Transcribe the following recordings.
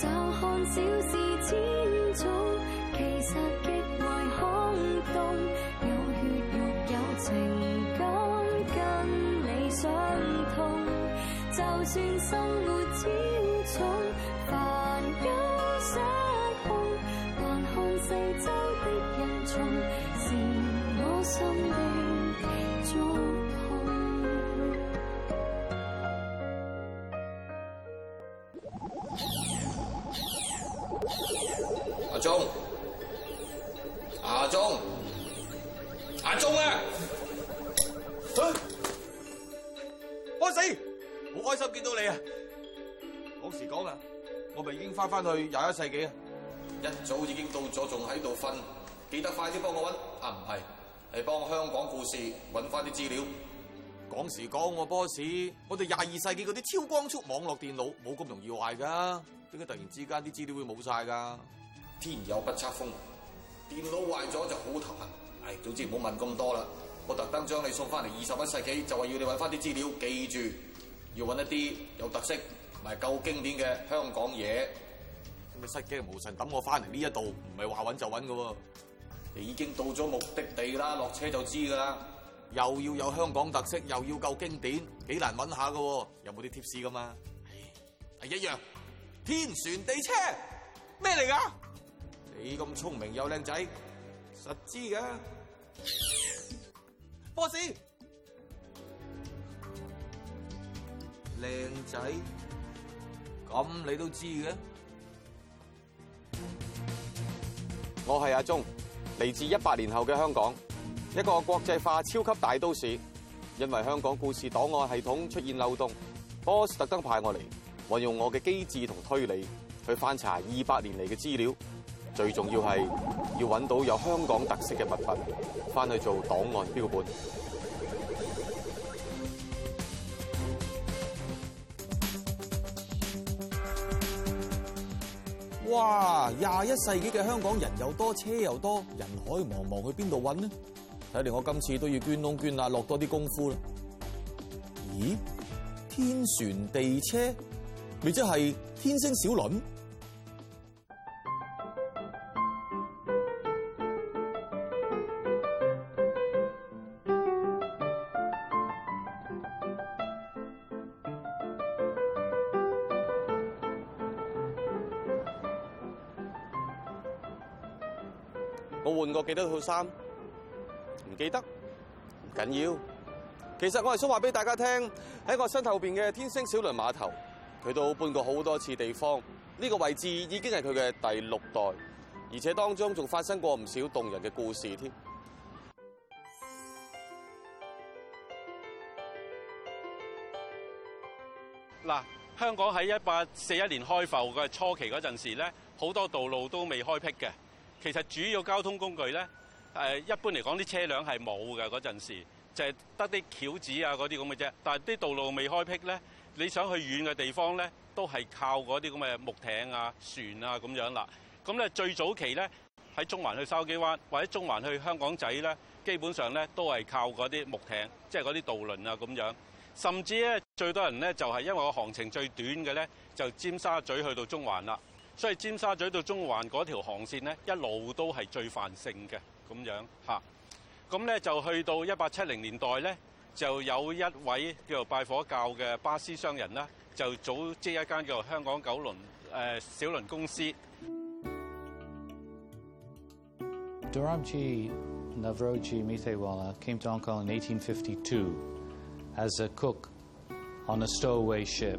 就看小事千種，其實極為空洞。有血肉有情感，跟你相通。就算生活千重，煩憂失控，還看四周的人叢，是我心的重。見到你啊！講時講啊，我咪已經翻翻去廿一世紀啊！一早已經到咗，仲喺度瞓，記得快啲幫我搵啊！唔係，係幫香港故事搵翻啲資料。講時講、啊，我 boss，我哋廿二世紀嗰啲超光速網絡電腦冇咁容易壞噶，點解突然之間啲資料會冇晒噶？天有不測風雲，電腦壞咗就好頭痕！唉、哎，總之唔好問咁多啦，我特登將你送翻嚟二十一世紀，就係要你搵翻啲資料，記住。要揾一啲有特色同埋夠經典嘅香港嘢，咁你失驚無神等我翻嚟呢一度，唔係話揾就揾噶，你已經到咗目的地啦，落車就知噶啦。又要有香港特色，又要夠經典，幾難揾下噶，有冇啲貼士噶嘛？係，係一樣，天船地車咩嚟噶？你咁聰明又靚仔，實知噶， 波士。靚仔，咁你都知嘅？我係阿鍾，嚟自一百年後嘅香港，一個國際化超級大都市。因為香港故事檔案系統出現漏洞，boss 特登派我嚟，運用我嘅機智同推理去翻查二百年嚟嘅資料。最重要係要揾到有香港特色嘅物品，翻去做檔案標本。哇！廿一世紀嘅香港人又多，車又多，人海茫茫，去邊度揾呢？睇嚟我今次都要捐窿捐罅，落多啲功夫啦。咦？天船地車，咪即係天星小輪？我換過幾多套衫，唔記得，唔緊要。其實我係想話俾大家聽，喺我身後邊嘅天星小輪碼頭，佢都搬過好多次地方。呢個位置已經係佢嘅第六代，而且當中仲發生過唔少動人嘅故事添。嗱，香港喺一八四一年開埠嘅初期嗰陣時咧，好多道路都未開闢嘅。其實主要交通工具呢，一般嚟講啲車輛係冇嘅嗰陣時，就係得啲轎子啊嗰啲咁嘅啫。但係啲道路未開辟呢，你想去遠嘅地方呢，都係靠嗰啲咁嘅木艇啊、船啊咁樣啦。咁咧最早期呢，喺中環去筲箕灣或者中環去香港仔呢，基本上呢都係靠嗰啲木艇，即係嗰啲渡輪啊咁樣。甚至咧最多人呢，就係因為個行程最短嘅呢，就尖沙咀去到中環啦。所以尖沙咀到中環嗰條航線呢，一路都係最繁盛嘅咁樣嚇。咁、啊、咧就去到一八七零年代呢，就有一位叫做拜火教嘅巴斯商人呢，就組織一間叫做香港九輪誒、呃、小輪公司。Dorabjee Naorojee Mithaiwala came to Hong Kong in 1852 as a cook on a stowaway ship.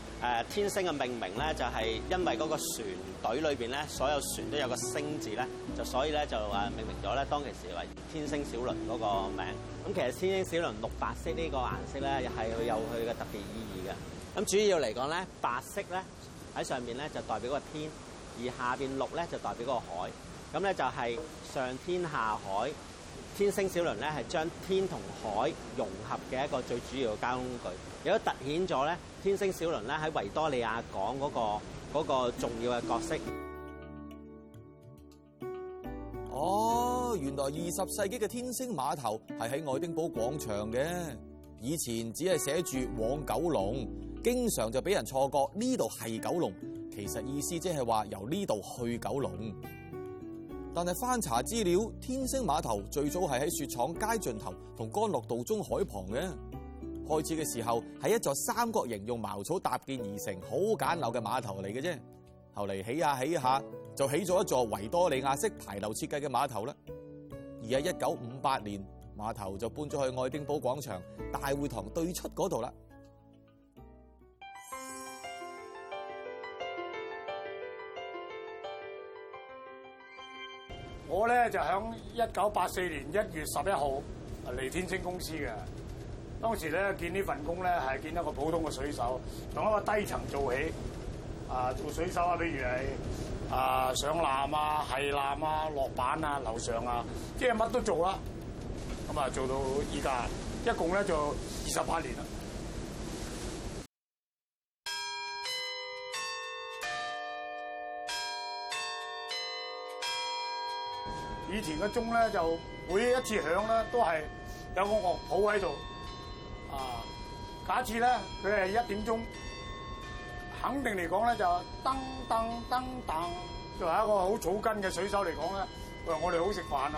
誒天星嘅命名咧，就係因為嗰個船隊裏面咧，所有船都有個星字咧，就所以咧就誒命名咗咧，當其時為天星小輪嗰個名。咁其實天星小輪綠白色呢個顏色咧，係有佢嘅特別意義嘅。咁主要嚟講咧，白色咧喺上面咧就代表嗰個天，而下面綠咧就代表嗰個海。咁咧就係上天下海。天星小輪咧係將天同海融合嘅一個最主要嘅交通工具，亦都突顯咗咧天星小輪咧喺維多利亞港嗰個嗰個重要嘅角色。哦，原來二十世紀嘅天星碼頭係喺愛丁堡廣場嘅，以前只係寫住往九龍，經常就俾人錯覺呢度係九龍，其實意思即係話由呢度去九龍。但係翻查資料，天星碼頭最早係喺雪廠街盡頭同干諾道中海旁嘅。開始嘅時候係一座三角形用茅草搭建而成、好簡陋嘅碼頭嚟嘅啫。後嚟起下起下就起咗一座維多利亞式牌樓設計嘅碼頭啦。而喺1958年，碼頭就搬咗去愛丁堡廣場大會堂對出嗰度啦。我咧就響一九八四年一月十一號嚟天星公司嘅。當時咧見呢份工咧係見一個普通嘅水手，從一個低層做起。啊，做水手啊，比如係啊上籃啊、係籃啊、落板啊、樓上啊，即係乜都做啦。咁啊，做到依家一共咧就二十八年啦。以前個鐘咧就每一次響咧都係有個樂譜喺度啊！假設咧佢係一點鐘，肯定嚟講咧就噔噔噔噔噔。作為一個好草根嘅水手嚟講咧，餵我哋好食飯啊！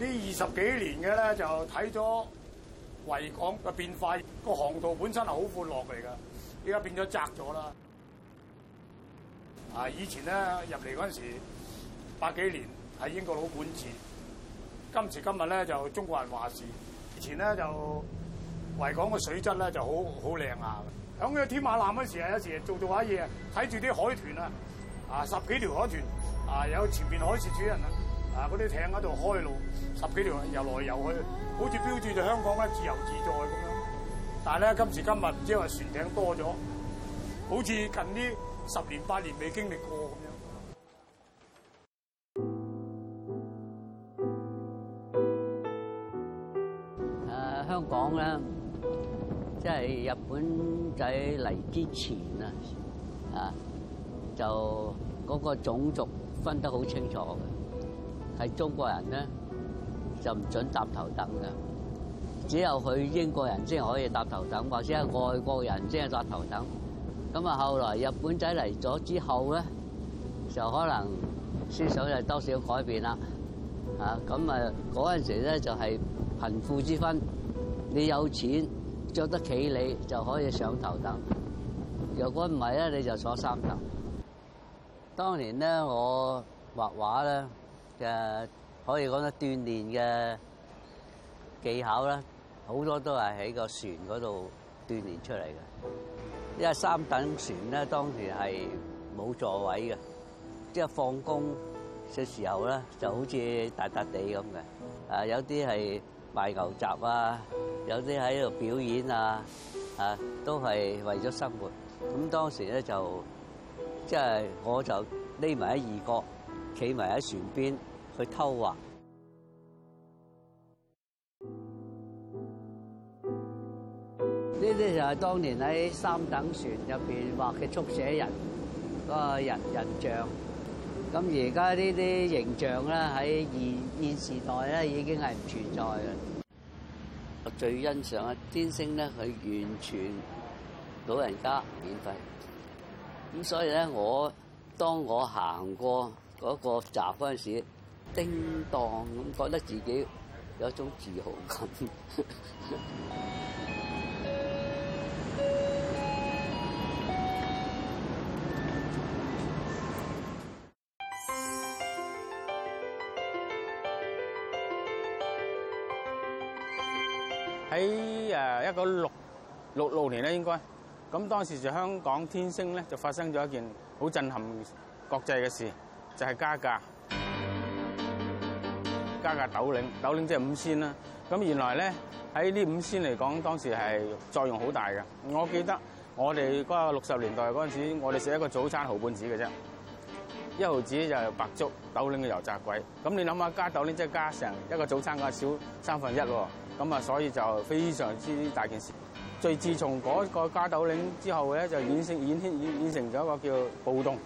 呢二十幾年嘅咧就睇咗維港嘅變化，個航道本身係好闊落嚟㗎，而家變咗窄咗啦。啊！以前咧入嚟嗰陣時，百幾年喺英國佬管治，今時今日咧就中國人話事。以前咧就維港嘅水質咧就好好靚啊！響嗰天馬艦嗰時啊，有時做做下嘢，睇住啲海豚啊，啊十幾條海豚啊，有前面海事主人啊，啊嗰啲艇喺度開路，十幾條遊來遊去，好似標註就香港咧自由自在咁樣。但係咧今時今日唔知話船艇多咗，好似近啲。十年八年未經歷過咁樣。誒，香港咧，即係日本仔嚟之前啊，啊，就嗰個種族分得好清楚嘅，係中國人咧就唔準搭頭等嘅，只有佢英國人先可以搭頭等，或者係外國人先係搭頭等。咁啊，後來日本仔嚟咗之後咧，就可能思想就多少改變啦。咁啊，嗰陣時咧就係貧富之分，你有錢着得企你就可以上頭等，若果唔係咧你就坐三等。當年咧我畫畫咧嘅可以講得鍛鍊嘅技巧呢，好多都係喺個船嗰度鍛鍊出嚟嘅。因為三等船咧，當時係冇座位嘅，即係放工嘅時候咧，就好似大笪地咁嘅。啊，有啲係賣牛雜啊，有啲喺度表演啊，啊，都係為咗生活。咁當時咧就即係我就匿埋喺二角，企埋喺船邊去偷畫。呢啲就係當年喺三等船入邊畫嘅速寫人嗰個人人像，咁而家呢啲形象咧喺現現時代咧已經係唔存在嘅。我最欣賞啊，天星咧佢完全老人家免費，咁所以咧我當我行過嗰個閘嗰陣時，叮當咁覺得自己有一種自豪感。 喺誒一九六六六年咧，應該咁當時就香港天星咧，就發生咗一件好震撼的國際嘅事，就係、係、加價加價斗零斗零即係五仙啦。咁原來咧喺呢五仙嚟講，當時係作用好大嘅。我記得我哋嗰個六十年代嗰陣時候，我哋食一個早餐毫半子嘅啫，一毫子就係白粥斗零嘅油炸鬼。咁你諗下，加斗零即係加成一個早餐嘅少三分一喎。咁啊，所以就非常之大件事。最自從嗰個加斗嶺之後咧，就演成演演演成咗一個叫暴動，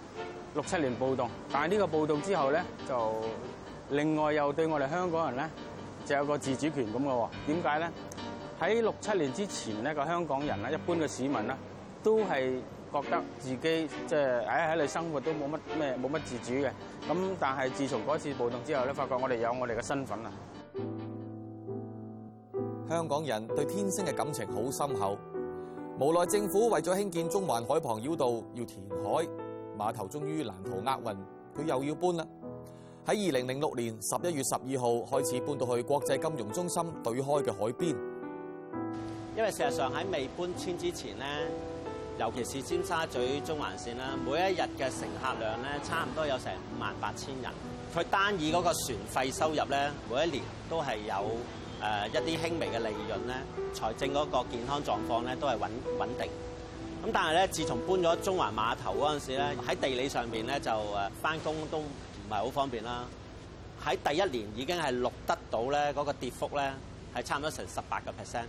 六七年暴動。但係呢個暴動之後咧，就另外又對我哋香港人咧，就有個自主權咁嘅喎。點解咧？喺六七年之前咧，個香港人啦，一般嘅市民啦，都係覺得自己即係誒喺你生活都冇乜咩冇乜自主嘅。咁但係自從嗰次暴動之後咧，發覺我哋有我哋嘅身份啊。香港人對天星嘅感情好深厚，無奈政府為咗興建中環海旁繞道要填海，碼頭終於難逃厄運，佢又要搬啦。喺二零零六年十一月十二號開始搬到去國際金融中心對開嘅海邊，因為事實上喺未搬遷之前呢，尤其是尖沙咀中環線啦，每一日嘅乘客量咧差唔多有成五萬八千人，佢單以嗰個船費收入咧，每一年都係有。誒一啲輕微嘅利潤咧，財政嗰個健康狀況咧都係穩穩定的。咁但係咧，自從搬咗中環碼頭嗰陣時咧，喺地理上邊咧就誒翻工都唔係好方便啦。喺第一年已經係錄得到咧嗰個跌幅咧係差唔多成十八個 percent。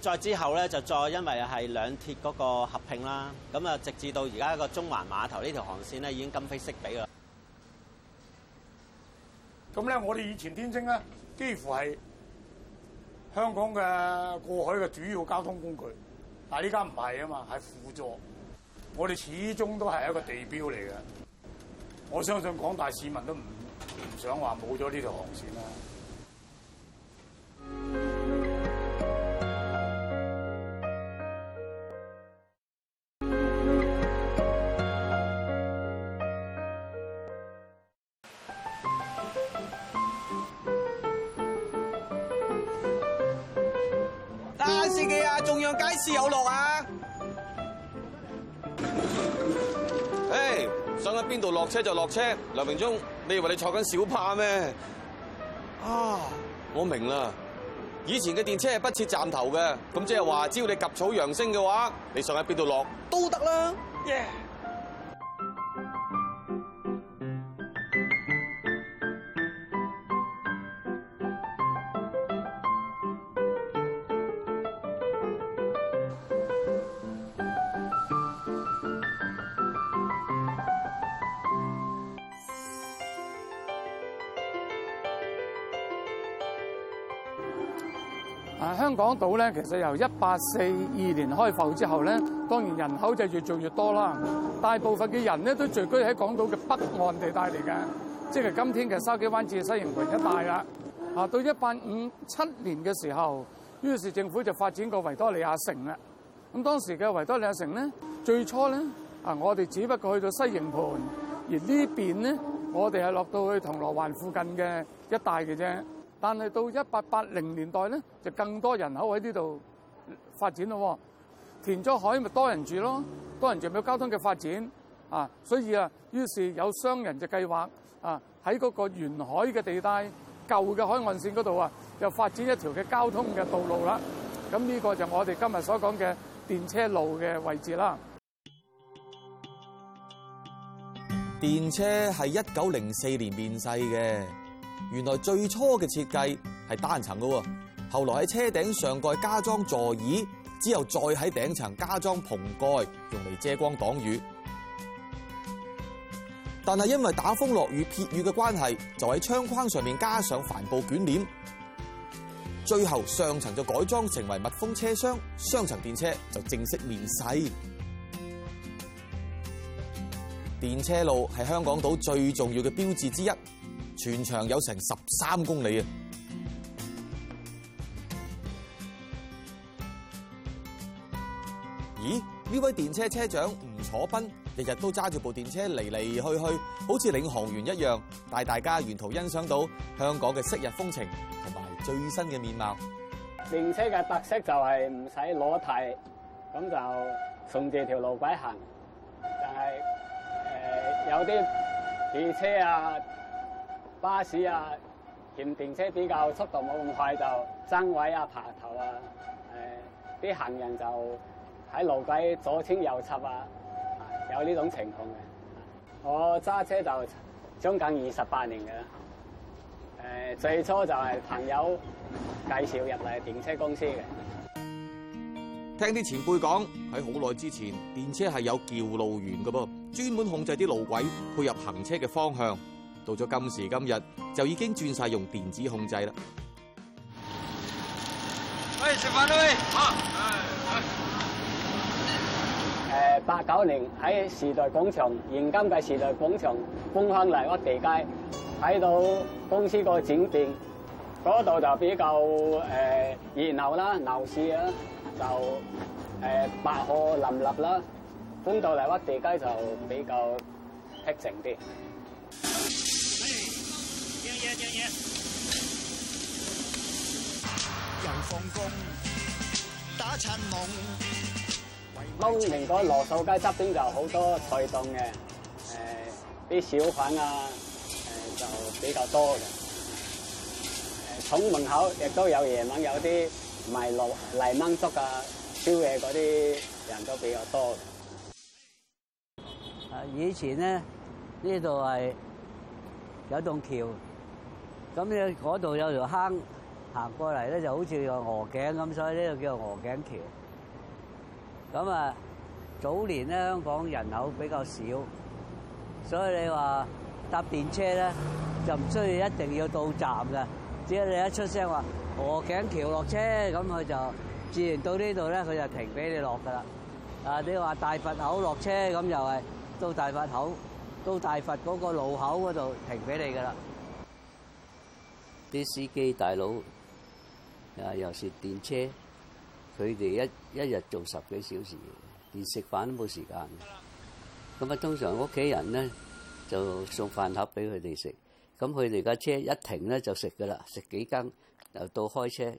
再之後咧就再因為係兩鐵嗰個合併啦，咁啊直至到而家個中環碼頭呢條航線咧已經今非昔比喇。咁咧我哋以前天星咧幾乎係。香港嘅過海嘅主要交通工具，但係依家唔係啊嘛，係輔助。我哋始終都係一個地標嚟嘅，我相信廣大市民都唔唔想話冇咗呢條航線啦。想喺邊度落車就落車，梁明忠，你以為你坐緊小巴咩？啊，我明啦，以前嘅電車係不設站頭嘅，咁即係話只要你及草揚升嘅話，你想喺邊度落都得啦。Yeah. 島咧，其實由一八四二年開埠之後咧，當然人口就越做越多啦。大部分嘅人咧都聚居喺港島嘅北岸地帶嚟嘅，即係今天嘅筲箕灣至西營盤一帶啦。啊，到一八五七年嘅時候，於是政府就發展過維多利亞城啦。咁當時嘅維多利亞城咧，最初咧啊，我哋只不過去到西營盤，而這邊呢邊咧，我哋係落到去銅鑼灣附近嘅一帶嘅啫。但係到一八八零年代咧，就更多人口喺呢度發展咯、哦。填咗海咪多人住咯，多人住咪有交通嘅發展啊。所以啊，於是有商人就計劃啊喺嗰個沿海嘅地帶、舊嘅海岸線嗰度啊，就發展一條嘅交通嘅道路啦。咁呢個就我哋今日所講嘅電車路嘅位置啦。電車係一九零四年面世嘅。原來最初嘅設計係單層㗎，後來喺車頂上蓋加裝座椅，之後再喺頂層加裝篷蓋，用嚟遮光擋雨。但係因為打風落雨撇雨嘅關係，就喺窗框上面加上帆布捲簾。最後上層就改裝成為密封車廂，雙層電車就正式面世。電車路係香港島最重要嘅標誌之一。全長有成十三公里啊！咦？呢位電車車長吳楚斌日日都揸住部電車嚟嚟去去，好似領航員一樣，帶大家沿途欣賞到香港嘅昔日風情同埋最新嘅面貌。電車嘅特色就係唔使攞軚，咁就順住條路軌行。但係誒、呃、有啲汽車啊～巴士啊，嫌電車比較速度冇咁快，就爭位啊、爬頭啊，誒、呃、啲行人就喺路軌左穿右插啊，啊，有呢種情況嘅、啊。我揸車就將近二十八年㗎喇，誒、呃、最初就係朋友介紹入嚟電車公司嘅。聽啲前輩講喺好耐之前，電車係有叫路員㗎噃，專門控制啲路軌配入行車嘅方向。到咗今時今日，就已經轉晒用電子控制啦。喂，食飯啦，喂！嚇！誒，八九年喺時代廣場，現今嘅時代廣場，東亨嚟屈地街，睇到公司個展店，嗰度就比較誒熱鬧啦，鬧市啊，就誒白鶴林立啦。搬到嚟屈地街就比較僻靜啲。茂名嗰羅素街側邊就好多菜檔嘅，誒啲小販啊，誒就比較多嘅。從門口亦都有夜晚有啲賣羅瀨孟粥啊、燒嘢嗰啲人都比較多嘅。啊，以前咧呢度係有棟橋。咁咧，嗰度有條坑，行過嚟咧就好似個鵝頸咁，所以呢度叫鵝頸橋。咁啊，早年咧香港人口比較少，所以你話搭電車咧就唔需要一定要到站嘅，只要你一出聲話鵝頸橋落車，咁佢就自然到呢度咧，佢就停俾你落噶啦。啊，你話大佛口落車，咁又係到大佛口，到大佛嗰個路口嗰度停俾你噶啦。啲司機大佬啊，又係電車，佢哋一一日做十幾小時，連食飯都冇時間。咁啊，通常屋企人咧就送飯盒俾佢哋食。咁佢哋架車一停咧就食㗎喇，食幾羹又到開車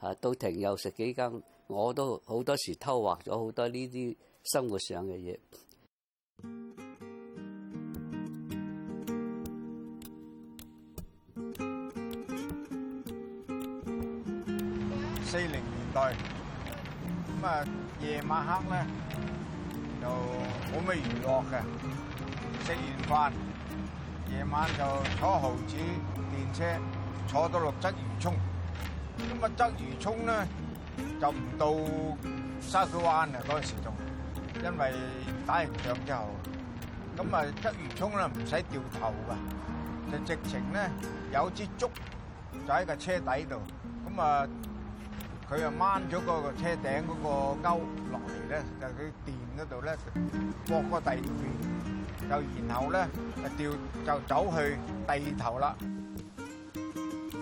嚇，到停又食幾羹。我都好多時偷畫咗好多呢啲生活上嘅嘢。四零年代咁啊，夜晚黑咧就冇咩娛樂嘅，食完飯夜晚就坐猴子電車，坐到落鰂魚涌。咁啊，鰂魚涌咧就唔到筲箕灣啊！嗰陣時仲因為打完仗之後，咁啊鰂魚涌咧唔使掉頭啊，就直情咧有支竹就喺個車底度，咁啊～佢又掹咗嗰個車頂嗰個鈎落嚟咧，就佢電嗰度咧，剝個第二片，就然後咧，就掉就走去第二頭啦。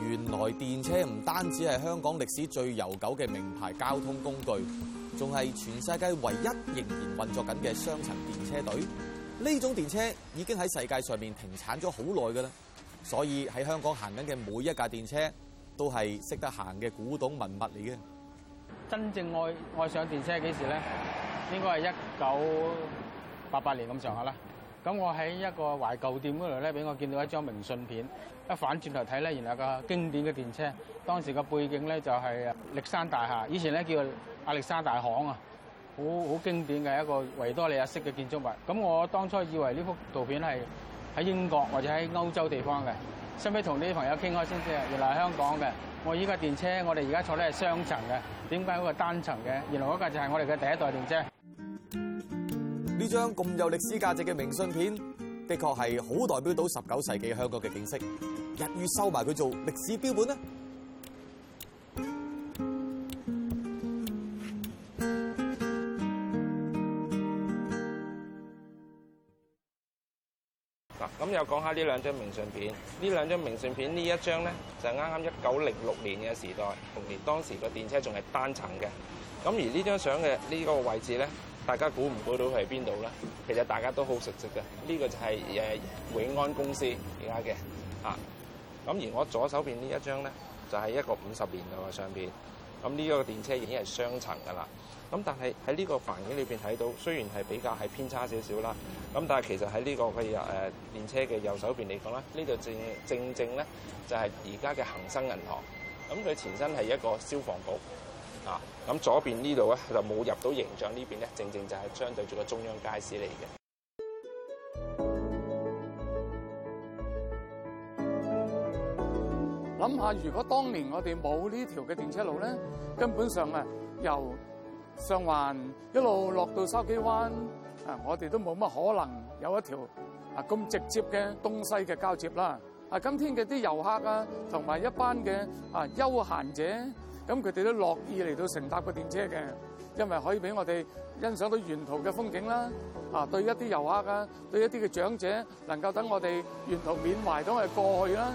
原來電車唔單止係香港歷史最悠久嘅名牌交通工具，仲係全世界唯一仍然運作緊嘅雙層電車隊。呢種電車已經喺世界上面停產咗好耐㗎啦，所以喺香港行緊嘅每一架電車，都係識得行嘅古董文物嚟嘅。真正愛愛上電車幾時咧？應該係一九八八年咁上下啦。咁我喺一個懷舊店嗰度咧，俾我見到一張明信片，一反轉頭睇咧，原來個經典嘅電車，當時個背景咧就係歷山大廈，以前咧叫亞歷山大行啊，好好經典嘅一個維多利亞式嘅建築物。咁我當初以為呢幅圖片係喺英國或者喺歐洲地方嘅。想尾同啲朋友傾開先知啊，原來係香港嘅。我依架電車，我哋而家坐咧係雙層嘅，點解嗰個單層嘅？原來嗰個就係我哋嘅第一代電車。呢張咁有歷史價值嘅明信片，的確係好代表到十九世紀香港嘅景色。日月收埋佢做歷史標本咧。咁又講下呢兩張明信片。呢兩張明信片，呢一張咧就係啱啱一九零六年嘅時代，同年當時個電車仲係單層嘅。咁而呢張相嘅呢個位置咧，大家估唔估到佢喺邊度咧？其實大家都好熟悉嘅。呢個就係誒永安公司而家嘅啊。咁而我左手邊呢一張咧，就係一個五十年代嘅相片。咁呢個電車已經係雙層㗎喇。咁但係喺呢個環境裏邊睇到，雖然係比較係偏差少少啦，咁但係其實喺呢個嘅右誒電車嘅右手邊嚟講咧，呢度正正正咧就係而家嘅恒生銀行。咁佢前身係一個消防局啊。咁左邊呢度咧就冇入到形象呢邊咧，邊正正就係相對住個中央街市嚟嘅。諗下如果當年我哋冇呢條嘅電車路咧，根本上啊又。上環一路落到筲箕灣啊！我哋都冇乜可能有一條啊咁直接嘅東西嘅交接啦。啊，今天嘅啲遊客啊，同埋一班嘅啊休閒者，咁佢哋都樂意嚟到乘搭個電車嘅，因為可以俾我哋欣賞到沿途嘅風景啦。啊，對一啲遊客啊，對一啲嘅長者，能夠等我哋沿途緬懷都係過去啦，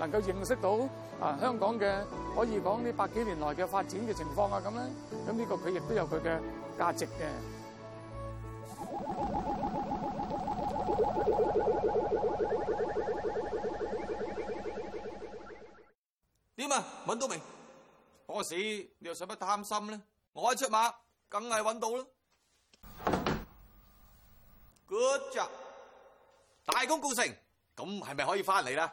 能夠認識到。啊！香港嘅可以講呢百幾年來嘅發展嘅情況啊，咁咧，咁呢個佢亦都有佢嘅價值嘅。點啊？搵到未？我個屎，你又使乜貪心咧？我一出馬，梗係搵到啦。Good job，大功告成，咁係咪可以翻嚟啦？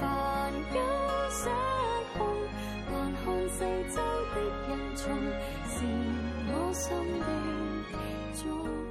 煩憂失控，環看四周的人群，是我心的痛。